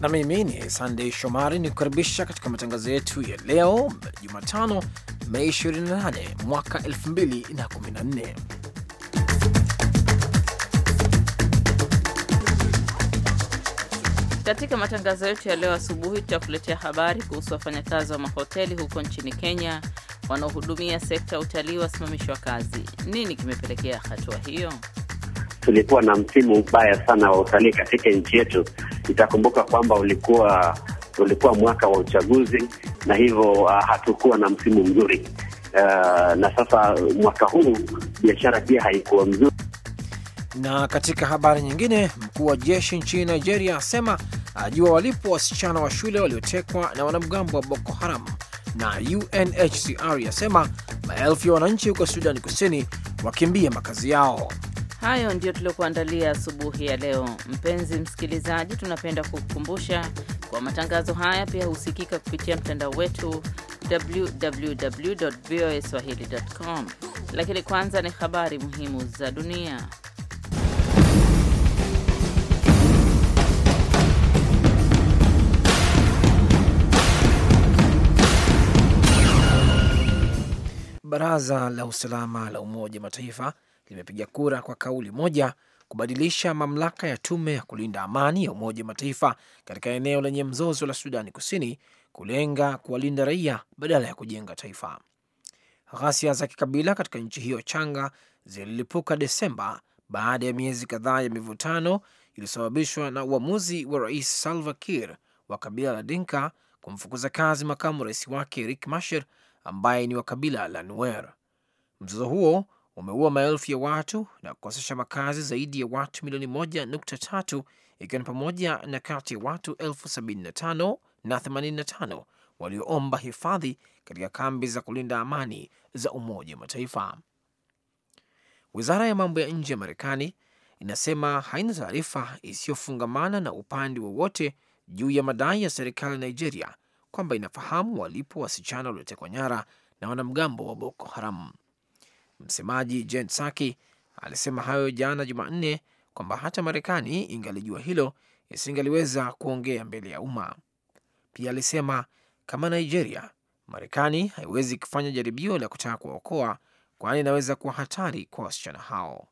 na mimi ni Sandey Shomari ni kukaribisha katika matangazo yetu ya leo Jumatano, Mei 28 mwaka 2014. Katika matangazo yetu ya leo asubuhi, tutakuletea habari kuhusu wafanyakazi wa mahoteli huko nchini Kenya wanaohudumia sekta ya utalii wasimamishwa kazi. Nini kimepelekea hatua hiyo? Tulikuwa na msimu mbaya sana wa utalii katika nchi yetu Itakumbuka kwamba ulikuwa ulikuwa mwaka wa uchaguzi, na hivyo uh, hatukuwa na msimu mzuri uh, na sasa mwaka huu biashara pia haikuwa mzuri. Na katika habari nyingine, mkuu wa jeshi nchini Nigeria asema ajua walipo wasichana wa shule waliotekwa na wanamgambo wa Boko Haram, na UNHCR yasema maelfu ya wananchi huko Sudani Kusini wakimbia makazi yao. Hayo ndiyo tuliokuandalia asubuhi ya leo. Mpenzi msikilizaji, tunapenda kukukumbusha kwa matangazo haya pia husikika kupitia mtandao wetu www voa swahili.com. Lakini kwanza ni habari muhimu za dunia. Baraza la usalama la Umoja wa Mataifa limepiga kura kwa kauli moja kubadilisha mamlaka ya tume ya kulinda amani ya Umoja wa Mataifa katika eneo lenye mzozo la Sudani Kusini kulenga kuwalinda raia badala ya kujenga taifa. Ghasia za kikabila katika nchi hiyo changa zililipuka Desemba baada ya miezi kadhaa ya mivutano iliyosababishwa na uamuzi wa Rais Salva Kiir wa kabila la Dinka kumfukuza kazi makamu rais wake rik masher ambaye ni wa kabila la Nuer. Mzozo huo umeua maelfu ya watu na kukosesha makazi zaidi ya watu milioni 1.3 ikiwa ni pamoja na kati ya watu 75 na 85 walioomba hifadhi katika kambi za kulinda amani za Umoja wa Mataifa. Wizara ya mambo ya nje ya Marekani inasema haina taarifa isiyofungamana na upande wowote juu ya madai ya serikali ya Nigeria kwamba inafahamu walipo wasichana waliotekwa nyara na wanamgambo wa Boko Haram. Msemaji Jen Psaki alisema hayo jana Jumanne kwamba hata Marekani ingalijua hilo isingaliweza kuongea mbele ya umma. Pia alisema kama Nigeria, Marekani haiwezi kufanya jaribio la kutaka kuwaokoa, kwani inaweza kuwa hatari kwa wasichana hao.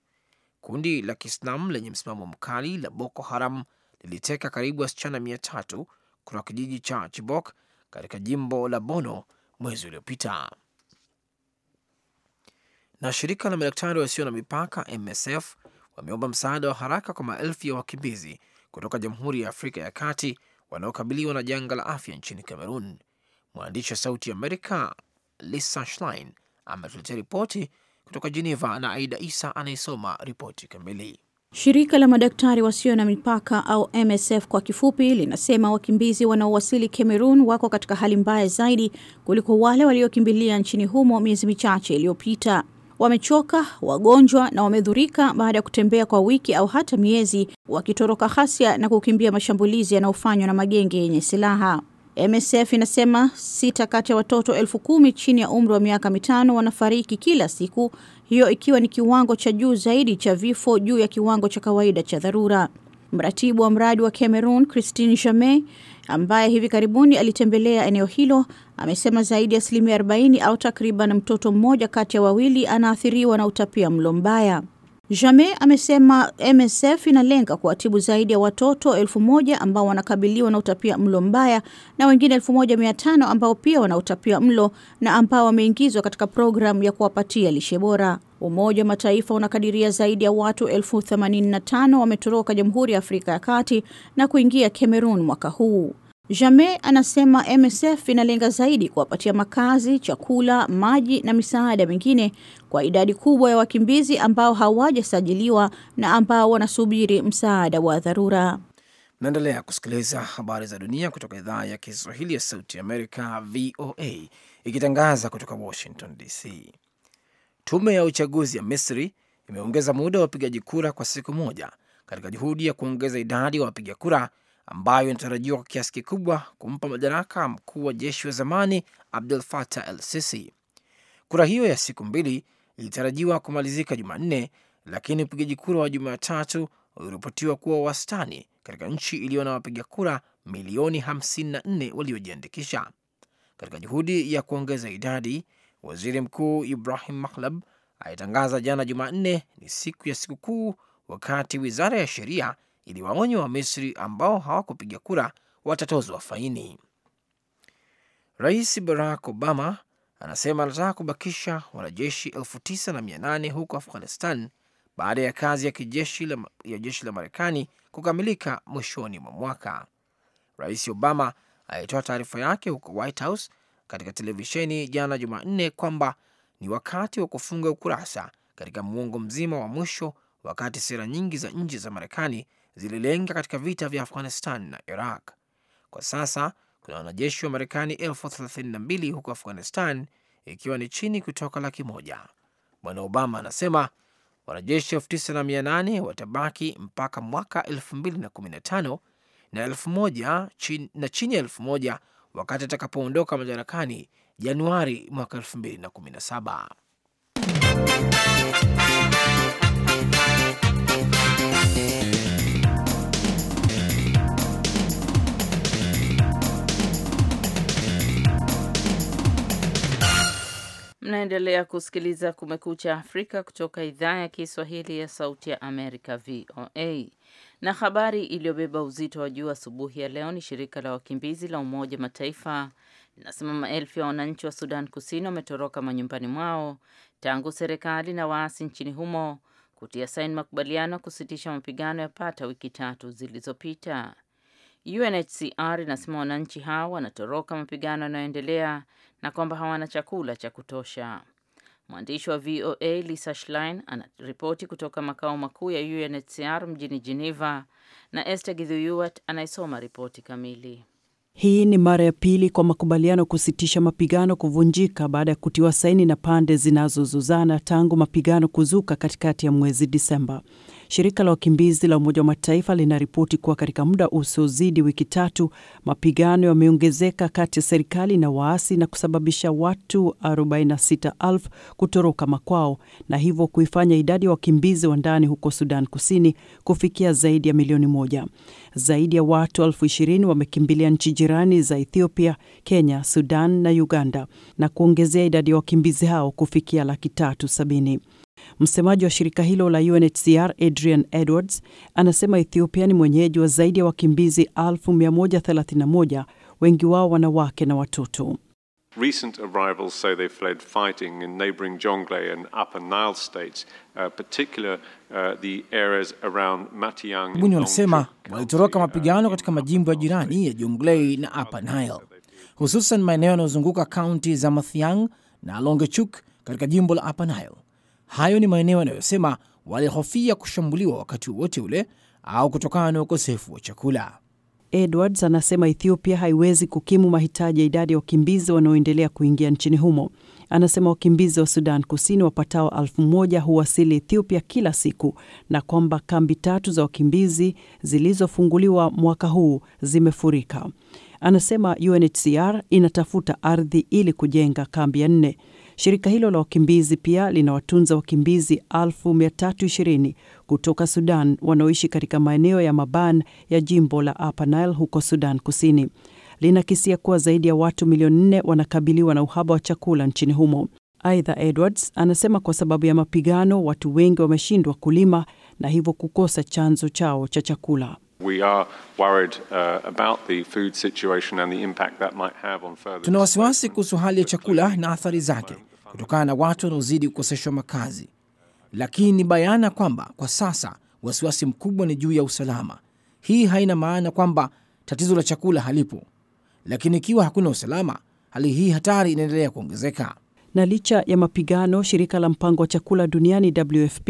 Kundi la Kiislam lenye msimamo mkali la Boko Haram liliteka karibu wasichana mia tatu kutoka kijiji cha Chibok katika jimbo la Bono mwezi uliopita na shirika la madaktari wasio na mipaka MSF wameomba msaada wa haraka kwa maelfu ya wakimbizi kutoka Jamhuri ya Afrika ya Kati wanaokabiliwa na janga la afya nchini Cameroon. Mwandishi wa Sauti Amerika Lisa Schlein ametuletea ripoti kutoka Geneva na Aida Isa anayesoma ripoti kamili. Shirika la madaktari wasio na mipaka au MSF kwa kifupi linasema wakimbizi wanaowasili Cameroon wako katika hali mbaya zaidi kuliko wale waliokimbilia nchini humo miezi michache iliyopita wamechoka, wagonjwa na wamedhurika baada ya kutembea kwa wiki au hata miezi wakitoroka ghasia na kukimbia mashambulizi yanayofanywa na magenge yenye silaha. MSF inasema sita kati ya watoto elfu kumi chini ya umri wa miaka mitano wanafariki kila siku, hiyo ikiwa ni kiwango cha juu zaidi cha vifo juu ya kiwango cha kawaida cha dharura. Mratibu wa mradi wa Cameroon Christine Jamey ambaye hivi karibuni alitembelea eneo hilo amesema zaidi ya asilimia 40 au takriban mtoto mmoja kati ya wawili anaathiriwa na utapia mlo mbaya. Jame amesema MSF inalenga kuwatibu zaidi ya watoto elfu moja ambao wanakabiliwa na utapia mlo mbaya na wengine elfu moja mia tano ambao pia wana utapia mlo na ambao wameingizwa katika programu ya kuwapatia lishe bora. Umoja wa Mataifa unakadiria zaidi ya watu elfu themanini na tano wametoroka Jamhuri ya Afrika ya Kati na kuingia Cameroon mwaka huu. Jamee anasema MSF inalenga zaidi kuwapatia makazi, chakula, maji na misaada mingine kwa idadi kubwa ya wakimbizi ambao hawajasajiliwa na ambao wanasubiri msaada wa dharura. Naendelea kusikiliza habari za dunia kutoka idhaa ya Kiswahili ya Sauti Amerika, VOA, ikitangaza kutoka Washington DC. Tume ya uchaguzi ya Misri imeongeza muda wa wapigaji kura kwa siku moja katika juhudi ya kuongeza idadi ya wa wapiga kura ambayo inatarajiwa kwa kiasi kikubwa kumpa madaraka mkuu wa jeshi wa zamani Abdul Fatah El Sisi. Kura hiyo ya siku mbili ilitarajiwa kumalizika Jumanne, lakini upigaji kura wa Jumatatu uliripotiwa kuwa wastani katika nchi iliyo na wapiga kura milioni 54 waliojiandikisha. Katika juhudi ya kuongeza idadi, waziri mkuu Ibrahim Mahlab alitangaza jana Jumanne ni siku ya sikukuu, wakati wizara ya sheria wa Wamisri ambao hawakupiga kura watatozwa faini. Rais Barack Obama anasema anataka kubakisha wanajeshi elfu tisa na mia nane huko Afghanistan baada ya kazi ya kijeshi la, ya jeshi la Marekani kukamilika mwishoni mwa mwaka. Rais Obama alitoa taarifa yake huko White House katika televisheni jana Jumanne kwamba ni wakati wa kufunga ukurasa katika muongo mzima wa mwisho, wakati sera nyingi za nje za Marekani zililenga katika vita vya Afghanistan na Iraq. Kwa sasa kuna wanajeshi wa Marekani elfu thelathini na mbili huko Afghanistan, ikiwa ni chini kutoka laki moja. Bwana Obama anasema wanajeshi elfu tisa na mia nane watabaki mpaka mwaka elfu mbili na kumi na tano na elfu moja chin, na chini ya elfu moja wakati atakapoondoka madarakani Januari mwaka elfu mbili na kumi na saba. Mnaendelea kusikiliza Kumekucha Afrika kutoka idhaa ya Kiswahili ya Sauti ya Amerika, VOA. Na habari iliyobeba uzito wa juu asubuhi ya leo ni shirika la wakimbizi la Umoja Mataifa linasema maelfu ya wananchi wa Sudan Kusini wametoroka manyumbani mwao tangu serikali na waasi nchini humo kutia saini makubaliano ya kusitisha mapigano ya pata wiki tatu zilizopita. UNHCR inasema wananchi hao wanatoroka mapigano yanayoendelea na kwamba hawana chakula cha kutosha. Mwandishi wa VOA Lisa Schlein anaripoti kutoka makao makuu ya UNHCR mjini Geneva, na Esther Gidhuyuat anayesoma ripoti kamili. Hii ni mara ya pili kwa makubaliano kusitisha mapigano kuvunjika baada ya kutiwa saini na pande zinazozozana tangu mapigano kuzuka katikati ya mwezi Disemba. Shirika la wakimbizi la Umoja wa Mataifa linaripoti kuwa katika muda usiozidi wiki tatu, mapigano yameongezeka kati ya serikali na waasi na kusababisha watu 46,000 kutoroka makwao na hivyo kuifanya idadi ya wakimbizi wa ndani huko Sudan Kusini kufikia zaidi ya milioni moja. Zaidi ya watu 20 wamekimbilia nchi jirani za Ethiopia, Kenya, Sudan na Uganda na kuongezea idadi ya wakimbizi hao kufikia laki tatu sabini. Msemaji wa shirika hilo la UNHCR Adrian Edwards anasema Ethiopia ni mwenyeji wa zaidi ya wakimbizi 131,000 wengi wao wanawake na watoto. Recent arrivals say they fled fighting in neighboring Jonglei and Upper Nile states, uh, particular uh, the areas around Matiang. Buni wanasema walitoroka mapigano katika majimbo ya jirani ya Jonglei na Upper Nile, hususan maeneo yanayozunguka kaunti za Mathiang na Longechuk katika jimbo la Upper Nile. Hayo ni maeneo yanayosema walihofia kushambuliwa wakati wowote ule au kutokana na ukosefu wa chakula. Edwards anasema Ethiopia haiwezi kukimu mahitaji ya idadi ya wakimbizi wanaoendelea kuingia nchini humo. Anasema wakimbizi wa Sudan Kusini wapatao elfu moja huwasili Ethiopia kila siku na kwamba kambi tatu za wakimbizi zilizofunguliwa mwaka huu zimefurika. Anasema UNHCR inatafuta ardhi ili kujenga kambi ya nne. Shirika hilo la wakimbizi pia linawatunza wakimbizi 320 kutoka Sudan wanaoishi katika maeneo ya Maban ya jimbo la Upper Nile huko Sudan Kusini. Linakisia kuwa zaidi ya watu milioni nne wanakabiliwa na uhaba wa chakula nchini humo. Aidha, Edwards anasema kwa sababu ya mapigano watu wengi wameshindwa kulima na hivyo kukosa chanzo chao cha chakula. Uh, Tuna wasiwasi kuhusu hali ya chakula na athari zake kutokana na watu wanaozidi kukoseshwa makazi, lakini ni bayana kwamba kwa sasa wasiwasi mkubwa ni juu ya usalama. Hii haina maana kwamba tatizo la chakula halipo, lakini ikiwa hakuna usalama, hali hii hatari inaendelea kuongezeka. Na licha ya mapigano, shirika la mpango wa chakula duniani WFP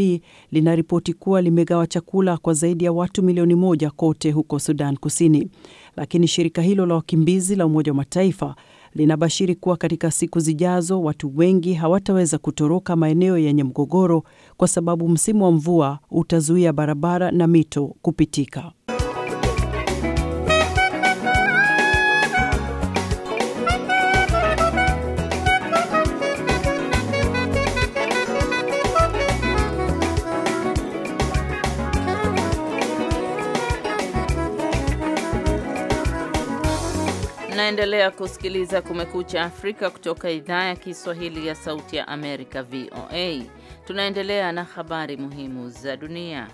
linaripoti kuwa limegawa chakula kwa zaidi ya watu milioni moja kote huko Sudan Kusini, lakini shirika hilo la wakimbizi la Umoja wa Mataifa linabashiri kuwa katika siku zijazo watu wengi hawataweza kutoroka maeneo yenye mgogoro kwa sababu msimu wa mvua utazuia barabara na mito kupitika. Unaendelea kusikiliza Kumekucha Afrika kutoka idhaa ya Kiswahili ya Sauti ya Amerika, VOA. Tunaendelea na habari muhimu za dunia.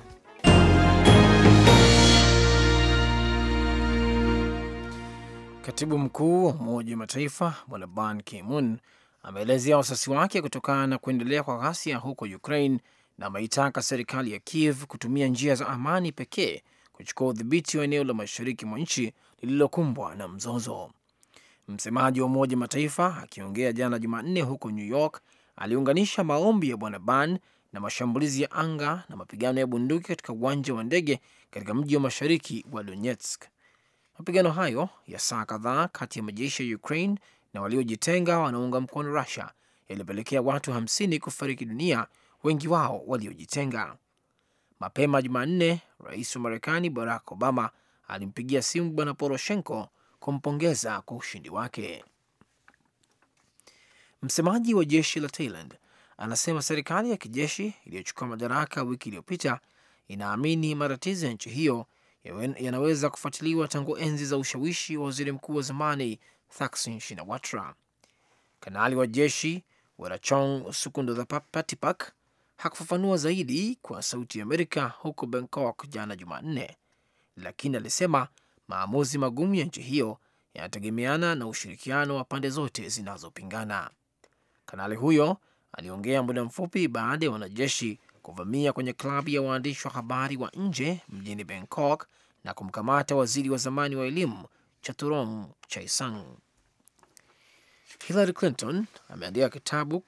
Katibu mkuu wa Umoja wa Mataifa Bwana Ban Ki-moon ameelezea wasiwasi wake kutokana na kuendelea kwa ghasia huko Ukraine na ameitaka serikali ya Kiev kutumia njia za amani pekee kuchukua udhibiti wa eneo la mashariki mwa nchi lililokumbwa na mzozo. Msemaji wa Umoja Mataifa akiongea jana Jumanne huko New York aliunganisha maombi ya bwana Ban na mashambulizi ya anga na mapigano ya bunduki katika uwanja wa ndege katika mji wa mashariki wa Donetsk. Mapigano hayo ya saa kadhaa kati ya majeshi ya Ukraine na waliojitenga wanaunga mkono Russia yalipelekea watu hamsini kufariki dunia, wengi wao waliojitenga. Mapema Jumanne, rais wa Marekani Barack Obama alimpigia simu bwana Poroshenko kumpongeza kwa ushindi wake. Msemaji wa jeshi la Thailand anasema serikali ya kijeshi iliyochukua madaraka wiki iliyopita inaamini matatizo ya nchi hiyo yanaweza kufuatiliwa tangu enzi za ushawishi wa waziri mkuu wa zamani Thaksin Shinawatra. Kanali wa jeshi Werachong Sukundopatipak hakufafanua zaidi kwa Sauti ya Amerika huko Bangkok jana Jumanne, lakini alisema maamuzi magumu ya nchi hiyo yanategemeana na ushirikiano wa pande zote zinazopingana. Kanali huyo aliongea muda mfupi baada ya wanajeshi kuvamia kwenye klabu ya waandishi wa habari wa nje mjini Bangkok na kumkamata waziri wa zamani wa elimu Chaturom Chaisang. Hillary Clinton ameandika kitabu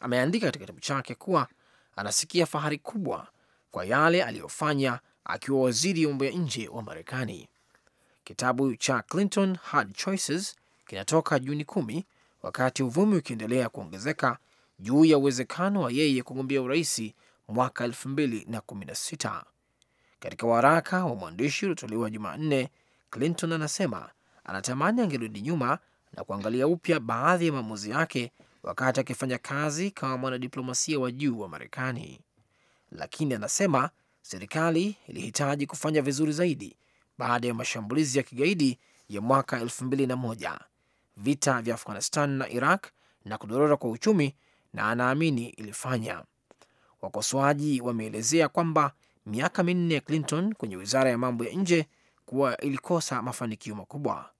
ameandika katika kitabu chake kuwa anasikia fahari kubwa kwa yale aliyofanya akiwa waziri wa mambo ya nje wa Marekani. Kitabu cha Clinton Hard Choices kinatoka Juni kumi, wakati uvumi ukiendelea kuongezeka juu ya uwezekano wa yeye kugombea uraisi mwaka 2016. Katika waraka wa mwandishi uliotolewa Jumanne, Clinton anasema anatamani angerudi nyuma na kuangalia upya baadhi ya maamuzi yake wakati akifanya kazi kama mwanadiplomasia wa juu wa Marekani, lakini anasema serikali ilihitaji kufanya vizuri zaidi baada ya mashambulizi ya kigaidi ya mwaka 2001, vita vya Afghanistan na Iraq na kudorora kwa uchumi, na anaamini ilifanya. Wakosoaji wameelezea kwamba miaka minne ya Clinton kwenye wizara ya mambo ya nje kuwa ilikosa mafanikio makubwa.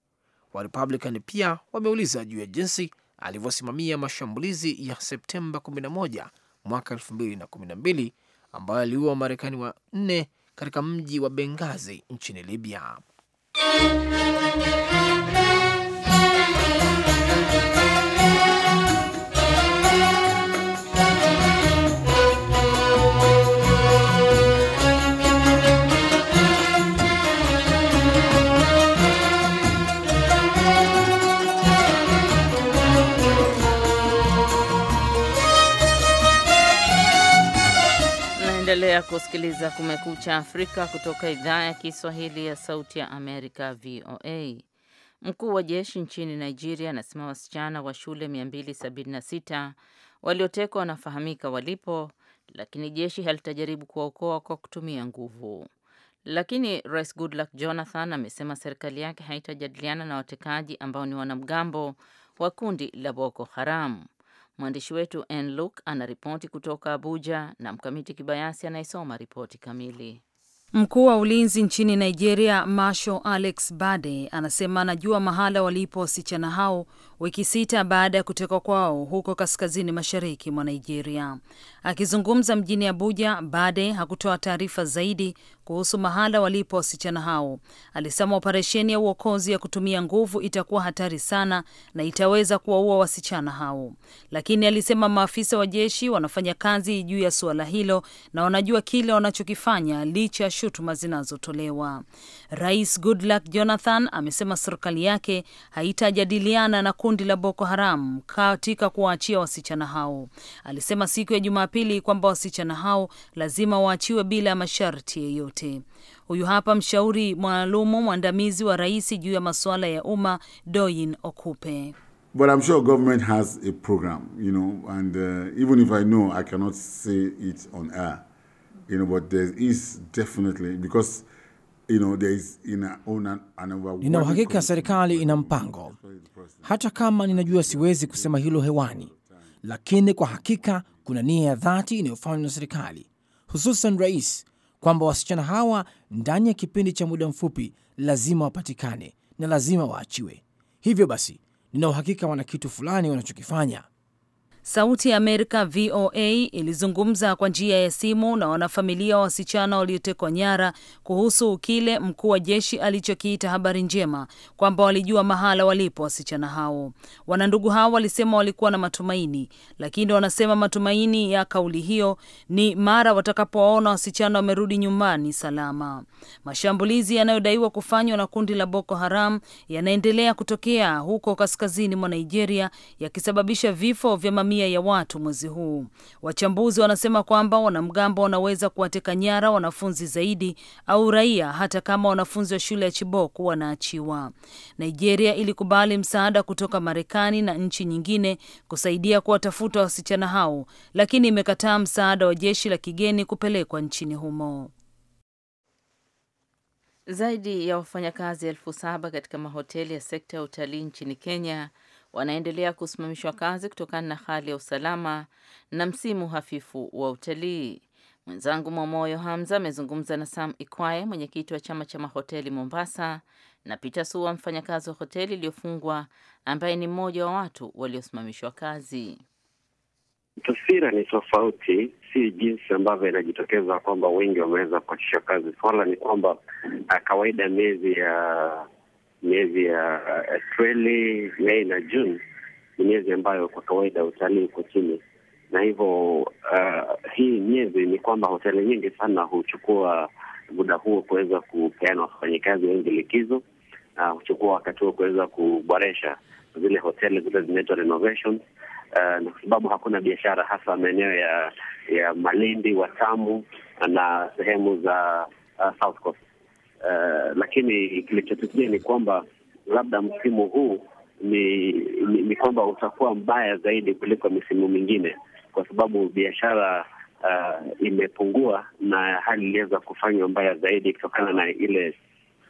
Warepublican pia wameuliza juu ya jinsi alivyosimamia mashambulizi ya Septemba 11 mwaka 2012 ambayo aliua Wamarekani nne katika mji wa Bengazi nchini Libya. Mnaendelea kusikiliza Kumekucha Afrika kutoka idhaa ya Kiswahili ya Sauti ya Amerika, VOA. Mkuu wa jeshi nchini Nigeria anasema wasichana wa shule 276 waliotekwa wanafahamika walipo, lakini jeshi halitajaribu kuwaokoa kwa kutumia nguvu. Lakini Rais Goodluck Jonathan amesema serikali yake haitajadiliana na watekaji ambao ni wanamgambo wa kundi la Boko Haram. Mwandishi wetu N Luk anaripoti kutoka Abuja na Mkamiti Kibayasi anayesoma ripoti kamili. Mkuu wa ulinzi nchini Nigeria, Marshal Alex Bade, anasema anajua mahala walipo wasichana hao wiki sita baada ya kutekwa kwao huko kaskazini mashariki mwa Nigeria. Akizungumza mjini Abuja, Bade hakutoa taarifa zaidi kuhusu mahala walipo wasichana hao. Alisema operesheni ya uokozi ya kutumia nguvu itakuwa hatari sana na itaweza kuwaua wasichana hao, lakini alisema maafisa wa jeshi wanafanya kazi juu ya suala hilo na wanajua kile wanachokifanya licha ya shutuma zinazotolewa. Rais Goodluck Jonathan amesema serikali yake haitajadiliana na kundi la Boko Haram katika kuwaachia wasichana hao. Alisema siku ya Jumapili kwamba wasichana hao lazima waachiwe bila ya masharti yeyote wote. Huyu hapa mshauri maalumu mwandamizi wa rais juu ya masuala ya umma Doyin Okupe. But I'm sure government has a program, you know, and uh, even if I know, I cannot say it on air, you know, but there is definitely because nina uhakika serikali ina mpango, hata kama ninajua siwezi kusema hilo hewani, lakini kwa hakika kuna nia ya dhati inayofanywa na serikali, hususan rais kwamba wasichana hawa ndani ya kipindi cha muda mfupi lazima wapatikane na lazima waachiwe. Hivyo basi, nina uhakika wana kitu fulani wanachokifanya. Sauti ya Amerika VOA ilizungumza kwa njia ya simu na wanafamilia wa wasichana waliotekwa nyara kuhusu kile mkuu wa jeshi alichokiita habari njema kwamba walijua mahala walipo wasichana hao. Wanandugu hao walisema walikuwa na matumaini, lakini wanasema matumaini ya kauli hiyo ni mara watakapowaona wasichana wamerudi nyumbani salama. Mashambulizi yanayodaiwa kufanywa na kundi la Boko Haram yanaendelea kutokea huko kaskazini mwa Nigeria yakisababisha vifo vya mamia mamia ya watu mwezi huu. Wachambuzi wanasema kwamba wanamgambo wanaweza kuwateka nyara wanafunzi zaidi au raia, hata kama wanafunzi wa shule ya Chibok wanaachiwa. Nigeria ilikubali msaada kutoka Marekani na nchi nyingine kusaidia kuwatafuta wasichana hao, lakini imekataa msaada wa jeshi la kigeni kupelekwa nchini humo. Zaidi ya wafanyakazi elfu saba katika mahoteli ya sekta ya utalii nchini Kenya wanaendelea kusimamishwa kazi kutokana na hali ya usalama na msimu hafifu wa utalii. Mwenzangu Mwamoyo Hamza amezungumza na Sam Ikwaye, mwenyekiti wa chama cha mahoteli Mombasa, na Peter sua mfanyakazi wa hoteli iliyofungwa ambaye ni mmoja wa watu waliosimamishwa kazi. Taswira ni tofauti, si jinsi ambavyo inajitokeza kwamba wengi wameweza kuachishwa kazi. Swala ni kwamba eh, kawaida miezi ya miezi ya Aprili, Mei na Juni ni miezi ambayo kwa kawaida utalii uko chini, na hivyo uh, hii miezi ni kwamba hoteli nyingi sana huchukua muda huo kuweza kupeana wafanyikazi wengi likizo, na uh, huchukua wakati huo kuweza kuboresha zile hoteli zile zinaitwa uh, na kwa sababu hakuna biashara hasa maeneo ya ya Malindi, Watamu na sehemu za uh, South Coast Eh, lakini kilichotukia ni kwamba labda msimu huu ni, ni, ni kwamba utakuwa mbaya zaidi kuliko misimu mingine kwa sababu biashara uh, imepungua na hali iliweza kufanywa mbaya zaidi kutokana na ile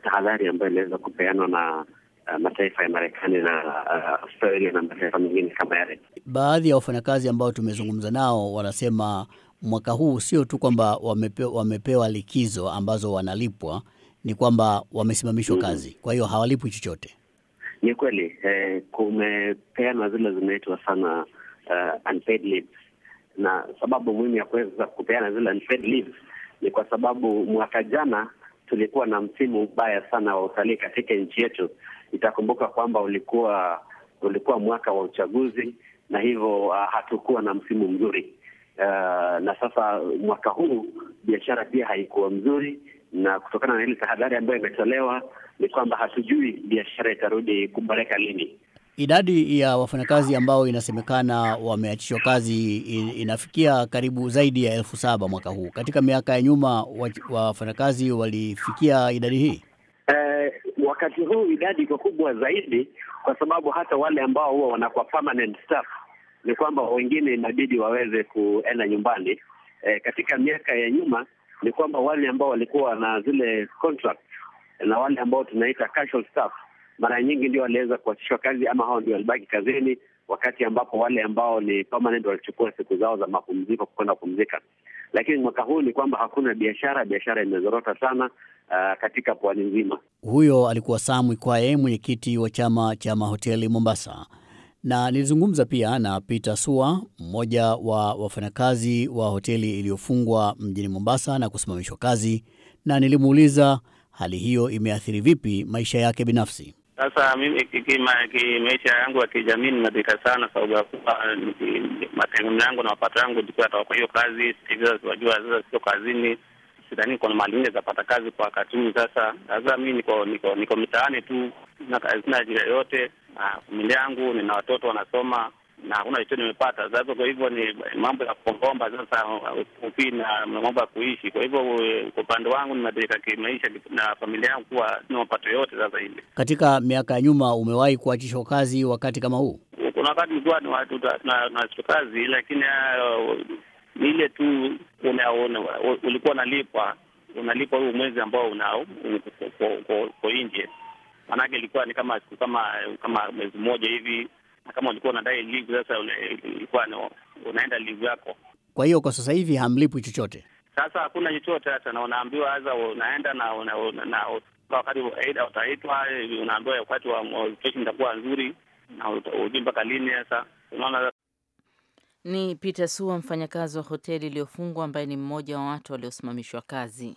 tahadhari ambayo iliweza kupeanwa na uh, mataifa ya Marekani na uh, Australia na mataifa mengine kama yale. Baadhi ya wafanyakazi ambao tumezungumza nao wanasema mwaka huu sio tu kwamba wamepewa, wamepewa likizo ambazo wanalipwa ni kwamba wamesimamishwa mm -hmm. kazi, kwa hiyo hawalipwi chochote. Ni kweli eh, kumepeana zile zinaitwa sana uh, unpaid leaves, na sababu muhimu ya kuweza kupeana zile unpaid leaves ni kwa sababu mwaka jana tulikuwa na msimu mbaya sana wa utalii katika nchi yetu. Itakumbuka kwamba ulikuwa ulikuwa mwaka wa uchaguzi na hivyo uh, hatukuwa na msimu mzuri uh, na sasa mwaka huu biashara pia haikuwa mzuri na kutokana na ile tahadhari ambayo imetolewa ni kwamba hatujui biashara itarudi kuboreka lini. Idadi ya wafanyakazi ambao inasemekana wameachishwa kazi inafikia karibu zaidi ya elfu saba mwaka huu. Katika miaka ya nyuma wafanyakazi walifikia idadi hii. Eh, wakati huu idadi iko kubwa zaidi, kwa sababu hata wale ambao huwa wanakuwa permanent staff ni kwamba wengine inabidi waweze kuenda nyumbani. Eh, katika miaka ya nyuma ni kwamba wale ambao walikuwa na zile contract na wale ambao tunaita casual staff mara nyingi ndio waliweza kuachishwa kazi ama hao ndio walibaki kazini, wakati ambapo wale ambao ni permanent walichukua siku zao za mapumziko kwenda kupumzika. Lakini mwaka huu ni kwamba hakuna biashara, biashara imezorota sana uh, katika pwani nzima. Huyo alikuwa Samwi Kwae, mwenyekiti wa chama cha mahoteli Mombasa na nilizungumza pia na Peter Sua, mmoja wa wafanyakazi wa hoteli iliyofungwa mjini Mombasa na kusimamishwa kazi, na nilimuuliza hali hiyo imeathiri vipi maisha yake binafsi. Sasa mimi maisha yangu ya kijamii nimebika sana, sababu ya kuwa mategemeo yangu na mapato yangu atoka kwa hiyo kazi. Wajua sasa sio kazini, sidhani kuna mali ingine zapata kazi kwa wakati huu. Sasa sasa mi niko niko niko mitaani tu, sina ajira yoyote Ah, familia yangu, nina watoto wanasoma na hakuna kitu nimepata sasa. Kwa hivyo ni mambo ya kuongomba sasa, uh, upi na mambo ya kuishi. Kwa hivyo uh, kwa upande wangu nimeathirika kimaisha na familia yangu kuwa sina mapato yote sasa hivi. Katika miaka ya nyuma, umewahi kuachishwa kazi wakati kama huu? Kuna wakati nilikuwa naachishwa kazi, lakini uh, ni ile tu ulikuwa unalipwa unalipwa huu mwezi ambao unao uko um, nje maanake ilikuwa ni kama siku kama kama mwezi mmoja hivi, na kama ulikuwa unadai livu, sasa ilikuwa unaenda livu yako. Kwa hiyo kwa sasa hivi hamlipwi chochote? Sasa hakuna chochote hata, na unaambiwa aza unaenda na una, una, na wakati aida utaitwa, unaambiwa wakati wa kesho itakuwa nzuri, na ujui mpaka lini. Sasa unaona ni Peter Sua, mfanyakazi wa hoteli iliyofungwa ambaye ni mmoja wa watu waliosimamishwa kazi.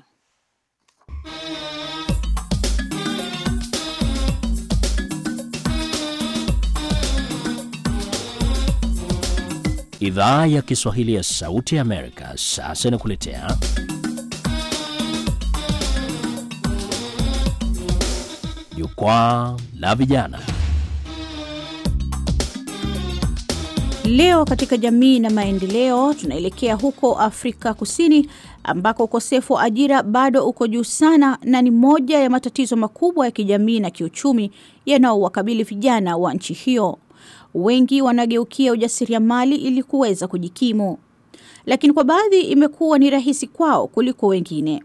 Idhaa ya Kiswahili ya Sauti ya Amerika sasa inakuletea Jukwaa la Vijana. Leo katika jamii na maendeleo, tunaelekea huko Afrika Kusini ambako ukosefu wa ajira bado uko juu sana na ni moja ya matatizo makubwa ya kijamii na kiuchumi yanaowakabili vijana wa nchi hiyo wengi wanageukia ujasiriamali ili kuweza kujikimu, lakini kwa baadhi imekuwa ni rahisi kwao kuliko wengine.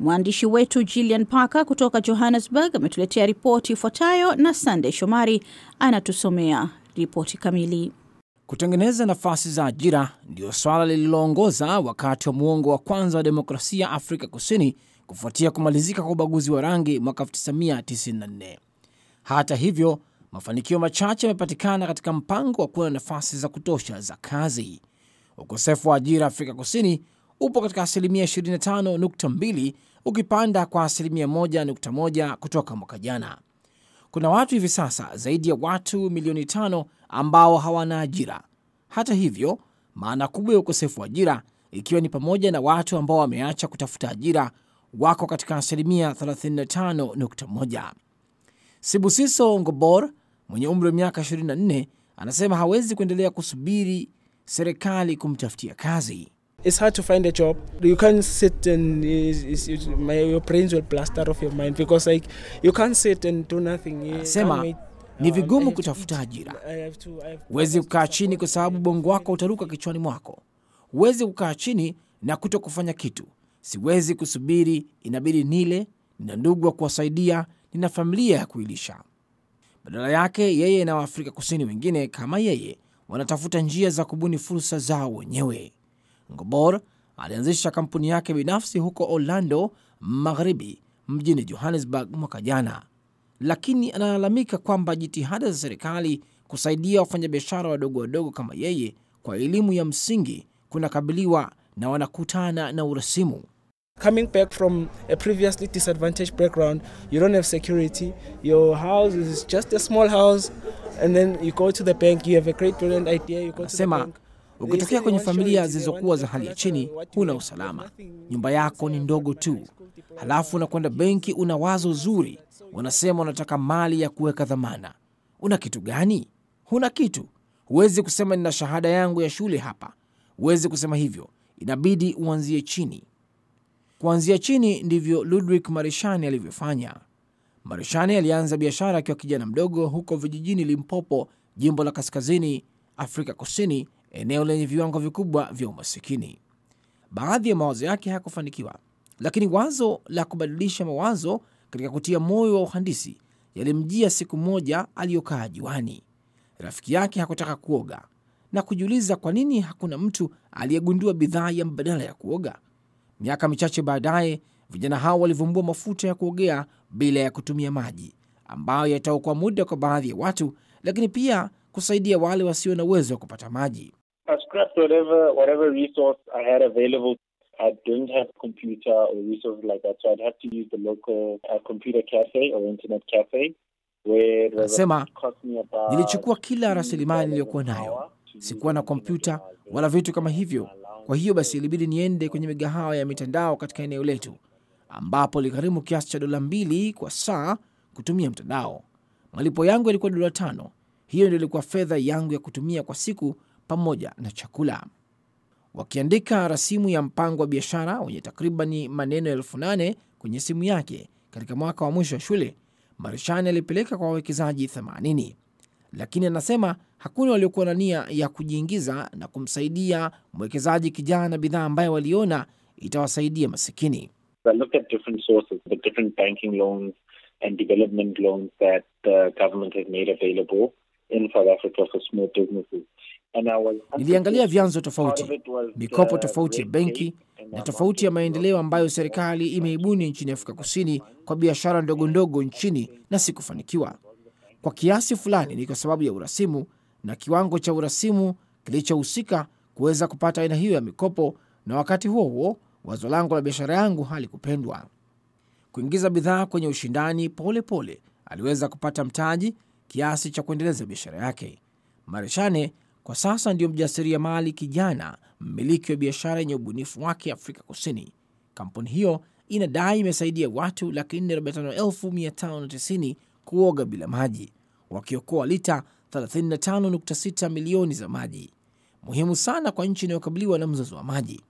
Mwandishi wetu Gillian Parker kutoka Johannesburg ametuletea ripoti ifuatayo, na Sandey Shomari anatusomea ripoti kamili. Kutengeneza nafasi za ajira ndiyo swala lililoongoza wakati wa muongo wa kwanza wa demokrasia Afrika Kusini kufuatia kumalizika kwa ubaguzi wa rangi mwaka 1994. Hata hivyo, mafanikio machache yamepatikana katika mpango wa kuwa na nafasi za kutosha za kazi. Ukosefu wa ajira Afrika Kusini upo katika asilimia 25.2 ukipanda kwa asilimia 1.1 kutoka mwaka jana. Kuna watu hivi sasa zaidi ya watu milioni tano ambao hawana ajira. Hata hivyo, maana kubwa ya ukosefu wa ajira ikiwa ni pamoja na watu ambao wameacha kutafuta ajira wako katika asilimia 35.1. Sibusiso Ngobor mwenye umri wa miaka 24 anasema hawezi kuendelea kusubiri serikali kumtafutia kazi. Sema ni um, vigumu kutafuta ajira, huwezi kukaa chini kwa sababu bongo wako utaruka kichwani mwako. Huwezi kukaa chini na kuto kufanya kitu. Siwezi kusubiri, inabidi nile. Nina ndugu wa kuwasaidia, nina familia ya kuilisha. Badala yake yeye na Waafrika Kusini wengine kama yeye wanatafuta njia za kubuni fursa zao wenyewe. Ngobor alianzisha kampuni yake binafsi huko Orlando Magharibi, mjini Johannesburg mwaka jana, lakini analalamika kwamba jitihada za serikali kusaidia wafanyabiashara wadogo wadogo kama yeye kwa elimu ya msingi kunakabiliwa na wanakutana na urasimu. Coming back from a previously disadvantaged background, you don't have security. Your house is just a small house, and then you go to the bank, you have a great brilliant idea, you go to the bank. Ukitokea kwenye familia zilizokuwa za hali ya chini, huna usalama, nyumba yako ni ndogo tu, halafu unakwenda benki, una wazo zuri, unasema unataka mali ya kuweka dhamana. Una kitu gani? Huna kitu. Huwezi kusema nina shahada yangu ya shule hapa, huwezi kusema hivyo, inabidi uanzie chini. Kuanzia chini ndivyo Ludwig Marishani alivyofanya. Marishani alianza biashara akiwa kijana mdogo huko vijijini Limpopo, jimbo la kaskazini, Afrika Kusini, eneo lenye viwango vikubwa vya umasikini. Baadhi ya mawazo yake hayakufanikiwa, lakini wazo la kubadilisha mawazo katika kutia moyo wa uhandisi yalimjia siku moja aliyokaa juani. Rafiki yake hakutaka kuoga na kujiuliza kwa nini hakuna mtu aliyegundua bidhaa ya mbadala ya kuoga. Miaka michache baadaye, vijana hao walivumbua mafuta ya kuogea bila ya kutumia maji ambayo yataokoa muda kwa baadhi ya watu, lakini pia kusaidia wale wasio na uwezo wa kupata maji. Uh, Anasema, nilichukua kila rasilimali niliyokuwa nayo, sikuwa na kompyuta wala vitu kama hivyo kwa hiyo basi ilibidi niende kwenye migahawa ya mitandao katika eneo letu, ambapo iligharimu kiasi cha dola mbili kwa saa kutumia mtandao. Malipo yangu yalikuwa dola tano. Hiyo ndio ilikuwa fedha yangu ya kutumia kwa siku pamoja na chakula. Wakiandika rasimu ya mpango wa biashara wenye takribani maneno elfu nane kwenye simu yake katika mwaka wa mwisho wa shule, Marishani alipeleka kwa wawekezaji 80 lakini anasema hakuna waliokuwa na nia ya kujiingiza na kumsaidia mwekezaji kijana bidhaa ambayo waliona itawasaidia masikini. Niliangalia vyanzo tofauti, uh, mikopo tofauti ya benki na tofauti ya maendeleo ambayo serikali imeibuni nchini Afrika Kusini kwa biashara ndogo ndogo nchini na sikufanikiwa. Kwa kiasi fulani ni kwa sababu ya urasimu na kiwango cha urasimu kilichohusika kuweza kupata aina hiyo ya mikopo, na wakati huo huo wazo langu la biashara yangu halikupendwa. Kuingiza bidhaa kwenye ushindani pole pole, aliweza kupata mtaji kiasi cha kuendeleza biashara yake. Marechane kwa sasa ndiyo mjasiriamali kijana, mmiliki wa biashara yenye ubunifu wake Afrika Kusini. Kampuni hiyo inadai imesaidia watu laki nne kuoga bila maji, wakiokoa lita 35.6 milioni za maji, muhimu sana kwa nchi inayokabiliwa na mzozo wa maji.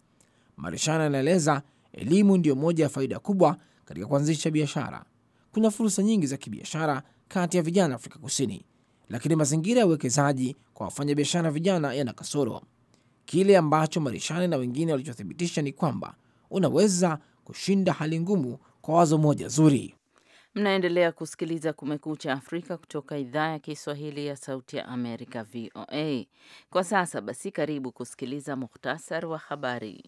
Marishana anaeleza elimu ndiyo moja ya faida kubwa katika kuanzisha biashara. Kuna fursa nyingi za kibiashara kati ya vijana Afrika Kusini, lakini mazingira ya uwekezaji kwa wafanyabiashara vijana yana kasoro. Kile ambacho Marishani na wengine walichothibitisha ni kwamba unaweza kushinda hali ngumu kwa wazo moja zuri. Mnaendelea kusikiliza Kumekucha Afrika kutoka idhaa ya Kiswahili ya Sauti ya Amerika, VOA. Kwa sasa basi, karibu kusikiliza muhtasari wa habari.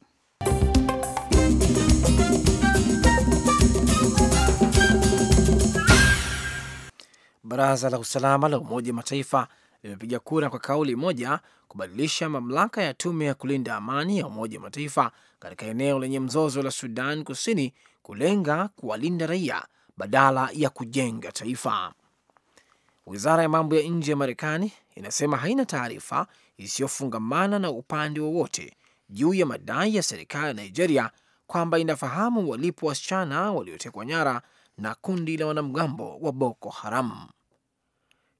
Baraza la Usalama la Umoja wa Mataifa limepiga kura kwa kauli moja kubadilisha mamlaka ya tume ya kulinda amani ya Umoja wa Mataifa katika eneo lenye mzozo la Sudan Kusini, kulenga kuwalinda raia badala ya kujenga taifa. Wizara ya mambo ya nje ya Marekani inasema haina taarifa isiyofungamana na upande wowote juu ya madai ya serikali ya Nigeria kwamba inafahamu walipo wasichana waliotekwa nyara na kundi la wanamgambo wa Boko Haram.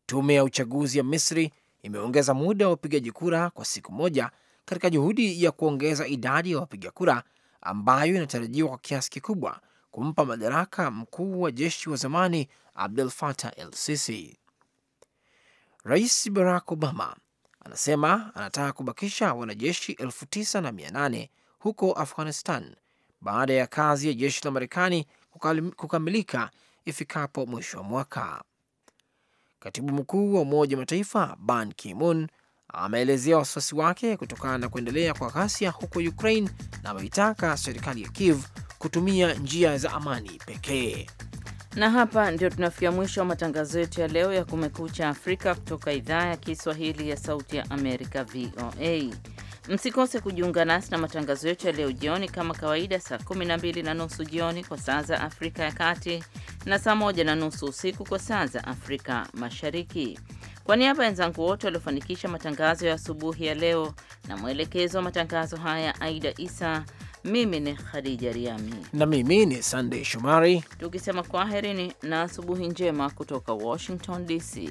Tume ya uchaguzi ya Misri imeongeza muda wa wapigaji kura kwa siku moja katika juhudi ya kuongeza idadi ya wapiga kura ambayo inatarajiwa kwa kiasi kikubwa kumpa madaraka mkuu wa jeshi wa zamani abdul fatah el Sisi. Rais Barack Obama anasema anataka kubakisha wanajeshi elfu tisa na mia nane huko Afghanistan baada ya kazi ya jeshi la Marekani kukamilika ifikapo mwisho wa mwaka. Katibu mkuu wa Umoja wa Mataifa Ban Ki-moon ameelezea wasiwasi wake kutokana na kuendelea kwa ghasia huko Ukraine na ameitaka serikali ya Kiev kutumia njia za amani pekee. Na hapa ndio tunafikia mwisho wa matangazo yetu ya leo ya Kumekucha Afrika kutoka idhaa ya Kiswahili ya Sauti ya Amerika, VOA. Msikose kujiunga nasi na matangazo yetu ya leo jioni, kama kawaida, saa 12 na nusu jioni kwa saa za Afrika ya Kati na saa 1 na nusu usiku kwa saa za Afrika Mashariki. Kwa niaba ya wenzangu wote waliofanikisha matangazo ya asubuhi ya leo na mwelekezo wa matangazo haya, Aida Isa, mimi ni Khadija Riami na mimi ni Sandey Shomari, tukisema kwaherini na asubuhi njema kutoka Washington DC.